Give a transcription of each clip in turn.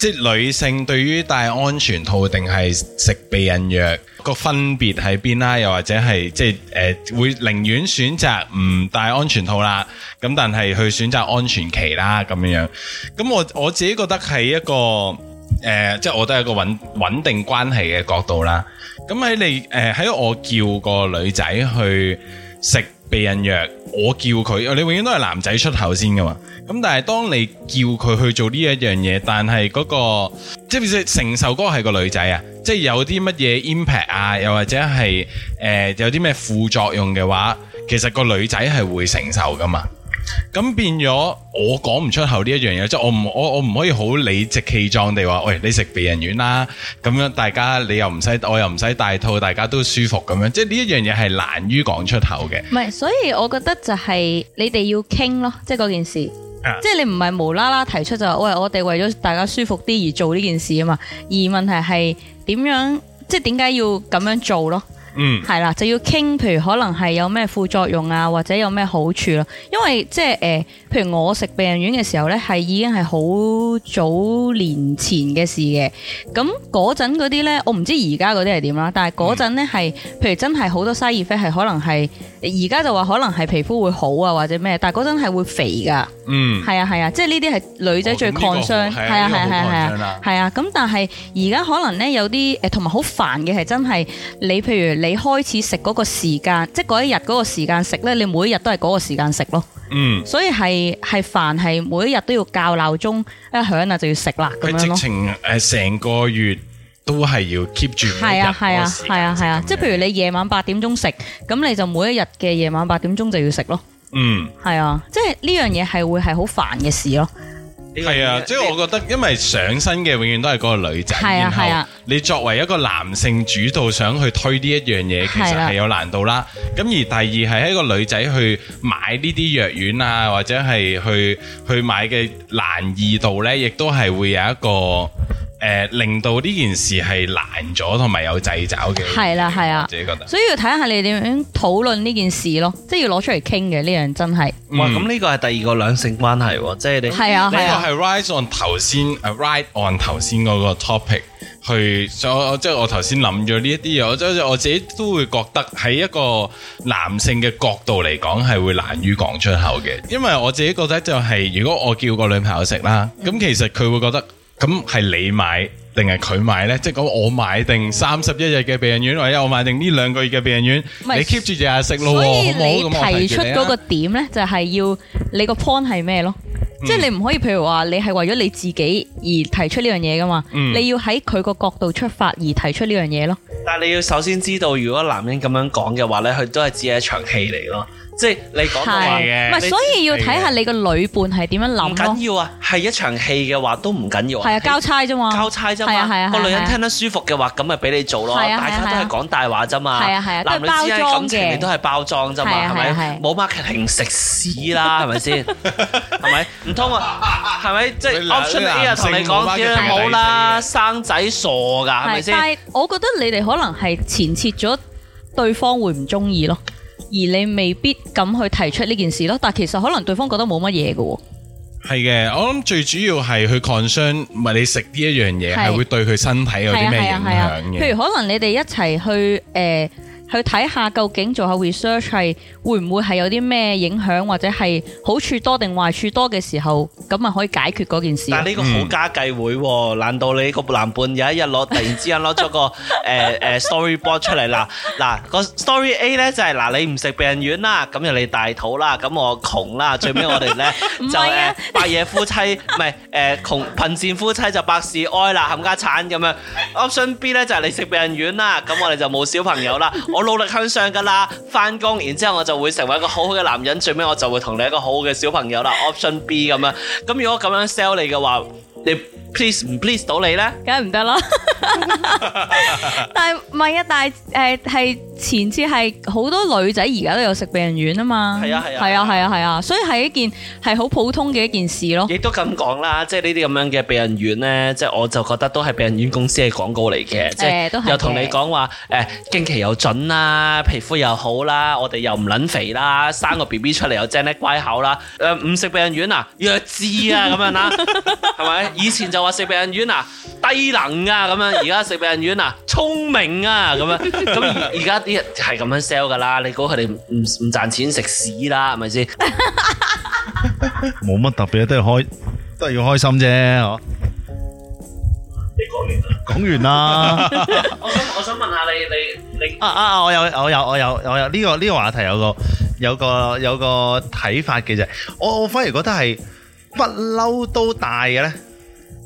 即係女性對於戴安全套定係食避孕藥個分別喺邊啦，又或者係即係誒，會寧願選擇唔戴安全套啦，咁但係去選擇安全期啦咁樣樣。咁我我自己覺得係一個誒，即係我都係一個穩穩定關係嘅角度啦。咁喺你誒喺我叫個女仔去食。避孕藥，我叫佢，你永遠都係男仔出頭先㗎嘛。咁但係當你叫佢去做呢一樣嘢，但係嗰個，即係承受嗰個係個女仔啊，即係有啲乜嘢 impact 啊，又或者係誒、呃、有啲咩副作用嘅話，其實個女仔係會承受㗎嘛。咁變咗、就是，我講唔出口呢一樣嘢，即係我唔我我唔可以好理直氣壯地話，喂，你食避孕丸啦，咁樣大家你又唔使，我又唔使帶套，大家都舒服咁樣，即係呢一樣嘢係難於講出口嘅。唔係，所以我覺得就係你哋要傾咯，即係嗰件事，的即係你唔係無啦啦提出就係、是，喂，我哋為咗大家舒服啲而做呢件事啊嘛，而問題係點樣，即係點解要咁樣做咯？嗯，係啦，就要傾，譬如可能係有咩副作用啊，或者有咩好處咯，啊。因為即係誒、呃，譬如我食避孕丸嘅時候咧，係已經係好早年前嘅事嘅。咁嗰陣嗰啲咧，我唔知而家嗰啲係點啦，但係嗰陣咧係，嗯，譬如真係好多 side effect 係可能係，而家就話可能係皮膚會好啊或者咩，但係嗰陣係會肥噶。嗯，係啊，係啊，即係呢啲係女仔最抗傷，係啊，係係係係啊，係啊。咁但係而家可能咧有啲誒，同埋好煩嘅係真係，你譬如你開始食嗰個時間，即係嗰一日嗰個時間食咧，你每一日都係嗰個時間食咯。嗯，所以係係煩係每一日都要校鬧鐘，一響啊就要食啦，咁樣咯。佢直情誒成個月都係要 keep 住。係啊係啊係啊係啊，即係譬如你夜晚八點鐘食，咁你就每一日嘅夜晚八點鐘就要食咯。嗯，係、mm. 啊，即係呢樣嘢係會係好煩嘅事咯。係啊，即係我覺得，因為上身嘅永遠都係嗰個女仔，係啊係啊。啊你作為一個男性主導，想去推呢一樣嘢，其實係有難度啦。咁、啊、而第二係一個女仔去買呢啲藥丸啊，或者係去去買嘅難易度呢，亦都係會有一個。誒、呃，令到呢件事係難咗，同埋有掣肘嘅。係啦，係啊，啊自己覺得所以要睇下你點樣討論呢件事咯，即係要攞出嚟傾嘅呢樣真係。咁呢個係第二個兩性關係，即係你呢個係 ride on 頭先，ride on 頭先嗰個 topic 去，即係我頭先諗咗呢一啲嘢，我即係、就是、我自己都會覺得喺一個男性嘅角度嚟講，係會難於講出口嘅。因為我自己覺得就係、是，如果我叫個女朋友食啦，咁其實佢會覺得。咁係你買定係佢買呢？即係講我買定三十一日嘅避孕丸，或者我買定呢兩個月嘅避孕丸，是你 keep 住就日日食咯。所以你提出嗰個點咧，好好點就係要你個 point 係咩咯？即係你唔可以，譬如話你係為咗你自己而提出呢樣嘢噶嘛？你要喺佢個角度出發而提出呢樣嘢咯。但係你要首先知道，如果男人咁樣講嘅話咧，佢都係只係一場戲嚟咯。即係你講到話嘅，唔係所以要睇下你個女伴係點樣諗咯。唔緊要啊，係一場戲嘅話都唔緊要啊。係啊，交差啫嘛，交差啫嘛。個女人聽得舒服嘅話，咁咪俾你做咯。大家都係講大話啫嘛。係啊係啊，男女之間感情都係包裝啫嘛，係咪？冇乜 market 食屎啦，係咪先？係咪？唔通啊，係咪即係 outline 啲嘢同你講先啦？冇啦，生仔傻噶，係咪先？但係我覺得你哋可能係前設咗對方會唔中意咯，而你未必敢去提出呢件事咯。但係其實可能對方覺得冇乜嘢㗎。係嘅，我諗最主要係去 concern，唔係你食呢一樣嘢係會對佢身體有啲咩影響嘅？譬如可能你哋一齊去誒。去睇下究竟做下 research 係會唔會係有啲咩影響或者係好處多定壞處多嘅時候，咁啊可以解決嗰件事。但呢個好家計會、哦，難道你個男伴有一日攞突然之間攞咗個誒誒、 欸呃、storyboard 出嚟啦？嗱個 story A 咧就係、是、嗱你唔食避孕丸啦，咁又嚟大肚啦，咁我窮啦，最尾我哋咧 是、啊、就誒白、呃、夜夫妻唔係誒窮貧賤夫妻就百事哀啦冚家鏟咁樣。Option B 咧就係、是、你食避孕丸啦，咁我哋就冇小朋友啦。 我努力向上噶啦，翻工，然之後我就會成為一個好好嘅男人，最尾我就會同你一個好好嘅小朋友啦。 Option B 咁樣，咁如果咁樣 sell 你嘅話，你 please 唔 please 到你呢？梗係唔得啦。 但係唔係啊？但係誒，係前次係好多女仔而家都有食避孕丸啊嘛。係啊，係啊，係啊，係啊，啊，所以係一件係好普通嘅一件事咯。亦都咁講啦，即係呢啲咁樣嘅避孕丸咧，即係我就覺得都係避孕丸公司嘅廣告嚟嘅，即係、欸、又同你講話誒，經、欸、期又準啦、啊，皮膚又好啦、啊，我哋又唔撚肥啦、啊，生個 B B 出嚟又正叻 乖巧啦、啊，誒唔食避孕丸啊，弱智啊咁樣啦、啊，係咪？以前就話食避孕丸啊，低能啊咁樣。而家食病人院嗱，聰明啊，咁樣咁而而家啲人係咁樣 sell 噶啦，你估佢哋唔唔賺錢食屎啦，係咪先？冇乜特別，都係開，都係要開心啫，嗬。你講完啦？講完啦。我想我想問下你你你啊啊！我有我有我有我有呢個呢個話題有個有個有個睇法嘅啫，我我反而覺得係不嬲都大嘅咧。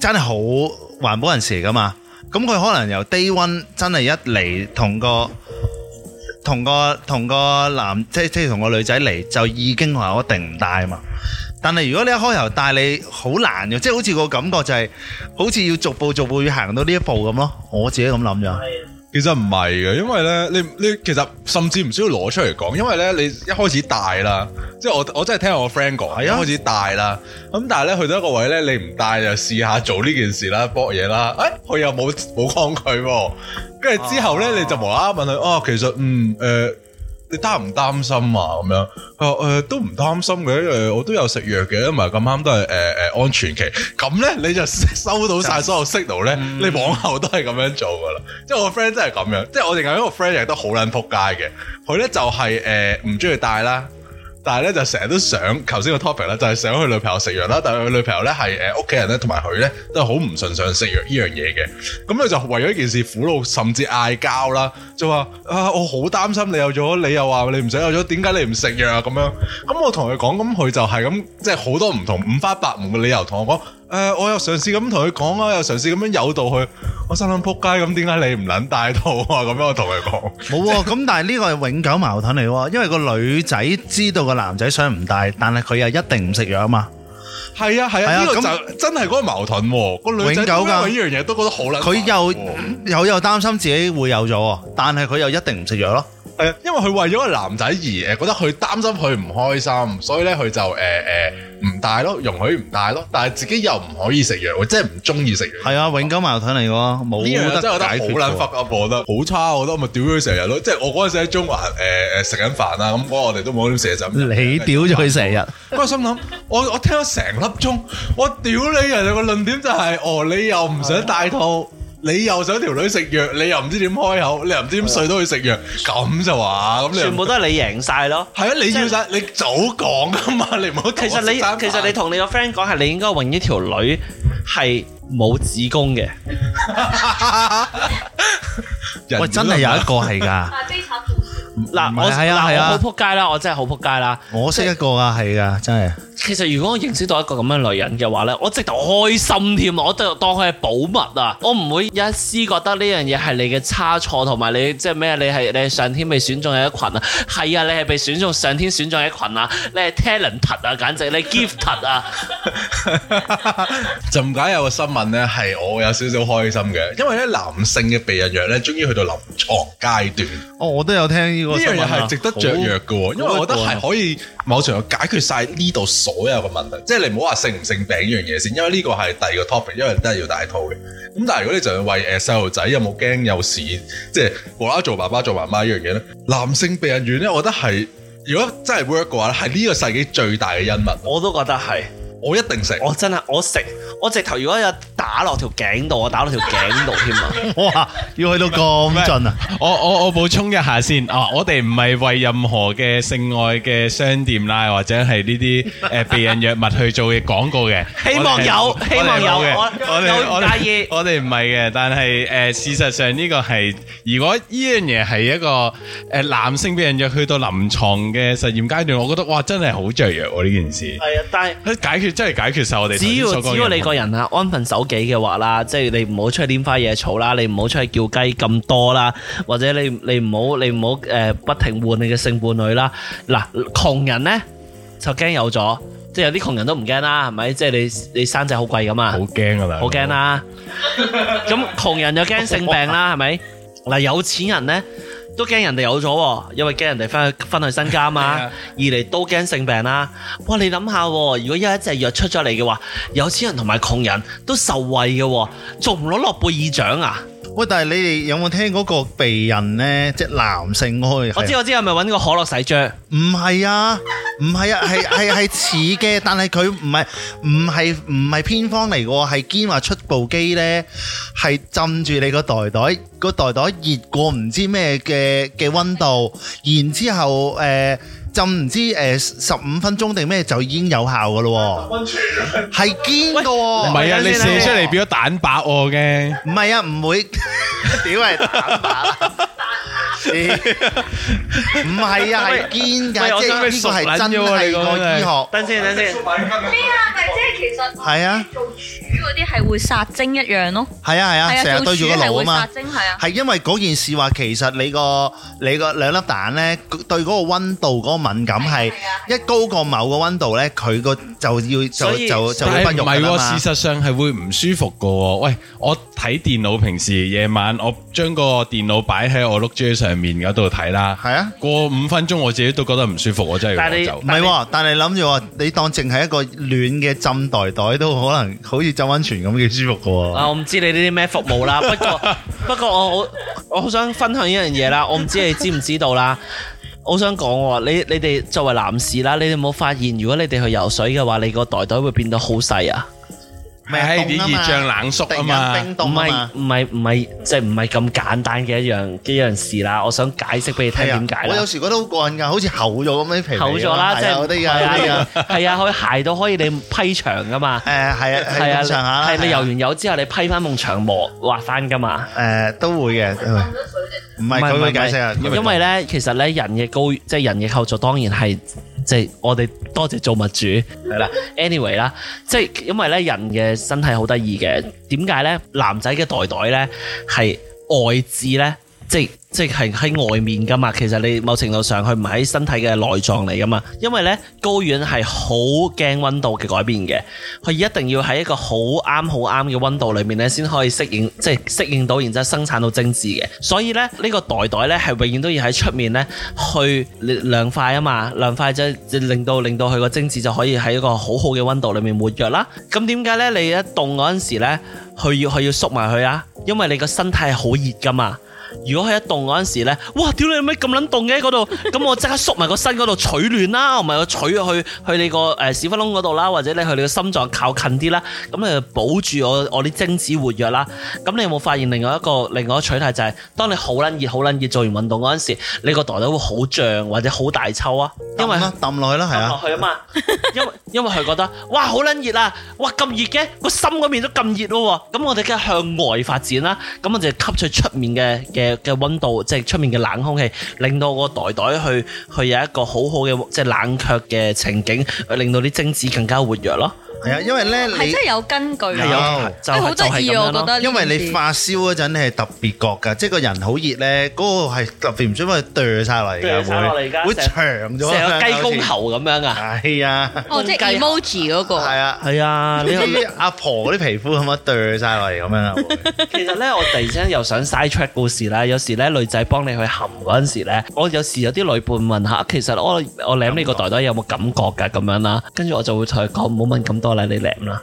真係好環保人士嚟噶嘛？咁佢可能由 day one 真係一嚟同一個同個同個男即即係同個女仔嚟就已經話一定唔帶嘛。但係如果你一開頭帶你好難嘅，即係好似個感覺就係、是、好似要逐步逐步要行到呢一步咁咯。我自己咁諗咗。其實唔係嘅，因為咧，你你其實甚至唔需要攞出嚟講，因為咧，你一開始戴啦，即係我我真係聽我 friend 講，呀一開始戴啦，咁但係咧去到一個位咧，你唔戴就試下做呢件事啦，博嘢啦，誒，佢又冇冇抗拒，啊，跟住之後咧，你就無啦問佢，哦、啊，其實嗯，誒、呃。你擔唔擔心啊？咁樣，佢誒、呃、都唔擔心嘅，因、呃、誒我都有食藥嘅，因為咁啱都係誒誒安全期，咁咧你就收到晒所有息 i g 咧，嗯、你往後都係咁樣做噶啦。即、就、係、是、我 friend 真係咁樣，即、就、係、是、我另外一個 friend 亦都好卵仆街嘅，佢咧就係誒唔中意戴啦。但係咧就成日都想，頭先個 topic 咧就係想佢女朋友食藥啦。但係佢女朋友咧係誒屋企人咧同埋佢咧都係好唔崇尚食藥呢樣嘢嘅。咁佢、嗯、就為咗一件事苦惱，甚至嗌交啦。就話啊，我好擔心你有咗，你又話你唔想有咗，點解你唔食藥啊？咁樣咁、嗯、我、就是、同佢講，咁佢就係咁即係好多唔同五花八門嘅理由同我講。誒、呃，我又嘗試咁同佢講啊，又嘗試咁樣誘導佢，我心諗撲街咁，點解你唔捻帶套啊？咁樣我同佢講，冇咁，但係呢個係永久矛盾嚟，因為個女仔知道個男仔想唔帶，但係佢又一定唔食藥啊嘛。係啊係啊，呢、啊啊、個就、嗯、真係嗰個矛盾、啊。嗯、女永久噶，因呢樣嘢都覺得好難，難、啊。佢又、嗯、又又又擔心自己會有咗，但係佢又一定唔食藥咯。係因為佢為咗個男仔而誒，覺得佢擔心佢唔開心，所以咧佢就誒誒唔帶咯，容許唔帶咯，但係自己又唔可以食藥，即係唔中意食藥。係啊、嗯，永久矛盾嚟噶，冇得解決。好捻複雜，我覺得好差，我覺得咪屌佢成日咯。即係我嗰陣時喺中環誒誒食緊飯啊，咁、呃、我哋都冇咁蛇仔。你屌咗佢成日，不過我心諗我我聽咗成粒鐘，我屌你啊！個論點就係、是，哦，你又唔想戴套。哎你又想條女食藥，你又唔知點開口，你又唔知點睡到去食藥，咁就的話咁，全部都係你贏晒咯。係啊，你要晒，就是，你早講噶嘛，你唔好。其實你其實你同你個 friend 講，係你應該揾呢條女係冇子宮嘅。 人魚 喂，真係有一個係噶。嗱 是，我係啊，係啊，好仆街啦，我真係好仆街啦。我識一個啊，係噶的，真係。其實如果我認識到一個咁樣女人嘅話咧，我直頭開心添，我都當佢係寶物啊！我唔會一絲覺得呢樣嘢係你嘅差錯，同埋你即係咩？你係你係上天被選中嘅一群啊！係啊，你係被選中，上天選中嘅一群啊！你係 talent 啊，簡直你 gift 啊！就咁解有個新聞咧，係我有少少開心嘅，因為咧男性嘅避孕藥咧，終於去到臨床階段。哦，我都有聽呢個呢樣嘢係值得著藥嘅，很因為我覺得係可以某程度解決晒呢度所有嘅問題，即係你唔好話性唔性病依樣嘢先，因為呢個係第二個 topic，因為都係要戴套嘅。咁但係如果你就係為誒細路仔有冇驚有，有事？即係無啦，做爸爸做媽媽依樣嘢咧，男性避孕丸咧，我覺得係如果真係 work 嘅話咧，係呢個世紀最大嘅恩物。我都覺得係，我一定食。我真係我食，我直頭如果有。打落條頸度啊！打落條頸度添啊！哇！要去到咁咩盡啊？我我我補充一下先啊！我哋唔係為任何嘅性愛嘅商店啦，或者係呢啲誒避孕藥物去做嘅廣告嘅。希望有，希望有，我我我唔介意。我哋唔係嘅，但係誒事實上呢個係如果呢樣嘢係一個誒男性避孕藥去到臨牀嘅實驗階段，我覺得哇真係好雀躍呢件事。係啊，但係佢解決真係解決晒我哋。只要只要你個人啊安分守。幾嘅話啦，即係你唔好出去拈花惹草啦，你唔好出去叫雞咁多啦，或者你你唔好你唔好誒不停換你嘅性伴侶啦。嗱，窮人呢，就驚有咗，即係有啲窮人都唔驚啦，係咪？即係你你生仔好貴㗎嘛，好驚噶啦，好驚啦。咁窮人就驚性病啦，係咪？嗱，有錢人呢。都驚人哋有咗，因為驚人哋返去返去身家嘛、啊。 二嚟都驚性病啦、啊。哇，你諗下，如果有一隻藥出咗嚟嘅話，有錢人同埋窮人都受惠嘅，仲唔攞諾貝爾獎啊！喂，但係你哋有冇聽嗰個避孕呢？即、就是、男性開，我知我知，係咪揾個可樂洗啫？唔係是啊！ 唔係啊，係係係似嘅，但係佢唔係唔係唔係偏方嚟嘅，係堅話出部機咧，係浸住你個袋袋，個袋袋熱過唔知咩嘅嘅溫度，然之後誒浸唔知誒十五分鐘定咩就已經有效嘅咯，溫泉係堅嘅，唔係啊，你射出嚟變咗蛋白我驚，唔係啊，唔會，屌係蛋白。唔係啊，係堅嘅，即係呢個係真嘅個醫學。等先，等先。咩啊？即係其實係啊，做煮嗰啲係會殺精一樣咯。係啊，係啊，成日對住個腦啊嘛。係因為嗰件事話，其實你個你個兩粒蛋咧，對嗰個溫度嗰個敏感係一高過某個溫度咧，佢個就要就就就會不育啦嘛。事實上係會唔舒服噶。喂，我睇電腦，平時夜晚我。將個電腦擺喺我碌桌上面嗰度睇啦。係啊，過五分鐘我自己都覺得唔舒服，我真係要走。但係唔係，但係諗住你當淨係一個暖嘅浸袋袋，都可能好似浸溫泉咁，嘅舒服噶，啊。啊，我唔知你呢啲咩服務啦， 不過不過我好我好想分享一樣嘢啦，我唔知你知唔知道啦。 我想講，你你哋作為男士啦，你哋冇發現，如果你哋去游水嘅話，你個袋袋會變得好細啊。係啲熱脹冷縮啊嘛，冰凍，唔係唔係唔係，即係唔係咁簡單嘅一樣嘅件事啦。我想解釋俾你聽點解啦。我有時覺得好過癮噶，好似厚咗咁樣皮。厚咗啦，即係我哋而家啲人，係啊，可以鞋到可以你批牆噶嘛。誒，係啊，係咁上下。係你游完泳之後，你批翻幅牆磨滑翻噶嘛。誒，都會嘅。唔係，唔係解釋啊。因為咧，其實咧，人嘅高即係人嘅厚咗，當然係。即係我哋多謝做物主，係啦，anyway 啦，因為人嘅身體好得意嘅，點解呢？男仔嘅袋袋呢，係外置呢。即即係喺外面噶嘛，其實你某程度上佢唔係身體嘅內臟嚟噶嘛，因為咧，睾丸係好驚溫度嘅改變嘅，佢一定要喺一個好啱好啱嘅溫度裏面咧，先可以適應即係適應到，然之後生產到精子嘅。所以咧，呢個袋袋咧係永遠都要喺出面咧去涼快啊嘛，涼快就令到令到佢個精子就可以喺一個好好嘅溫度裏面活躍啦。咁點解咧？你一凍嗰陣時咧，佢要佢要縮埋佢啊，因為你個身體係好熱噶嘛。如果佢一凍嗰陣時咧，哇！屌你有咩咁撚凍嘅嗰度？咁我即刻縮埋個身嗰度取暖啦，我咪去取去去你個誒屎忽窿嗰度啦，或者你去你個心臟靠近啲啦，咁誒保住我我啲精子活躍啦。咁你有冇發現另外一個另外一個取態就係、是，當你好撚熱好撚熱做完運動嗰陣時，你個袋底會好脹或者好大抽啊？因為抌落去啦，係啊，落去啊嘛。 因為因為佢覺得哇好撚熱啊，哇咁熱嘅個心嗰邊都咁熱咯，咁我哋梗向外發展啦，咁我哋吸取出面嘅嘅。嘅溫度，即係出面嘅冷空氣，令到個袋袋去去有一個好好嘅，即係冷卻嘅情景，去令到啲精子更加活躍咯。係啊，因為咧，係真係有根據，有就好得意，我覺得，因為你發燒嗰陣，你係特別覺噶，即係個人好熱咧，嗰個係特別唔想佢掉晒嚟噶會，會長咗，成個雞公喉咁樣啊，係啊，哦即係 emoji 嗰個，係啊係啊，好似啲阿婆嗰啲皮膚咁樣掉晒落嚟咁樣啊，其實咧，我突然間又想 side track 故事啦，有時咧，女仔幫你去含嗰陣時咧，我有時有啲女伴問下，其實我我舐呢個袋袋有冇感覺噶咁樣啦，跟住我就會同佢講，唔好問咁多。我過嚟你舐啦，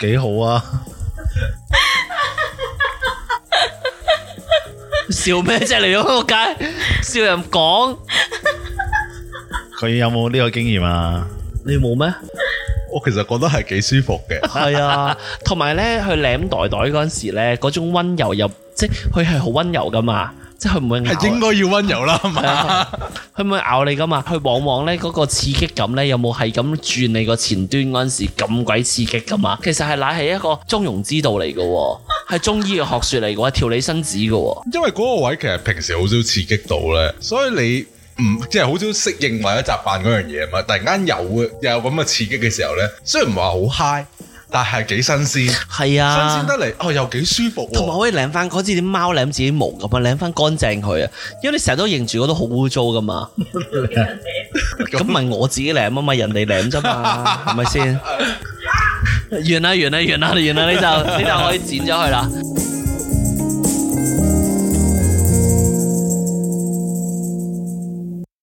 幾好啊！笑咩啫你？我介笑人講，佢有冇呢個經驗啊？你冇咩？我其實覺得係幾舒服嘅，係啊。同埋咧，佢舐袋袋嗰陣時咧，嗰種温柔又即係佢係好温柔㗎嘛。即係唔會係應該要温柔啦，係咪？佢唔會咬你噶嘛？佢往往咧，嗰個刺激感咧，有冇係咁轉你個前端嗰陣時咁鬼刺激噶嘛？其實係乃係一個中庸之道嚟嘅，係中醫嘅學説嚟嘅話，調理身子嘅。 因為嗰個位其實平時好少刺激到咧，所以你唔即係好少適應或者習慣嗰樣嘢啊嘛。突然間有嘅，又有咁嘅刺激嘅時候咧，雖然唔話好 high。但係幾新鮮，係啊，新鮮得嚟，哦又幾舒服，啊，同埋可以舐翻好似啲貓舐自己毛咁啊，舐翻乾淨佢啊，因為你成日都認住，我都好污糟噶嘛，咁咪樣我自己舐啊嘛， 人哋舐啫嘛，係咪先？完啦完啦完啦完啦，你就 你就可以剪咗佢啦。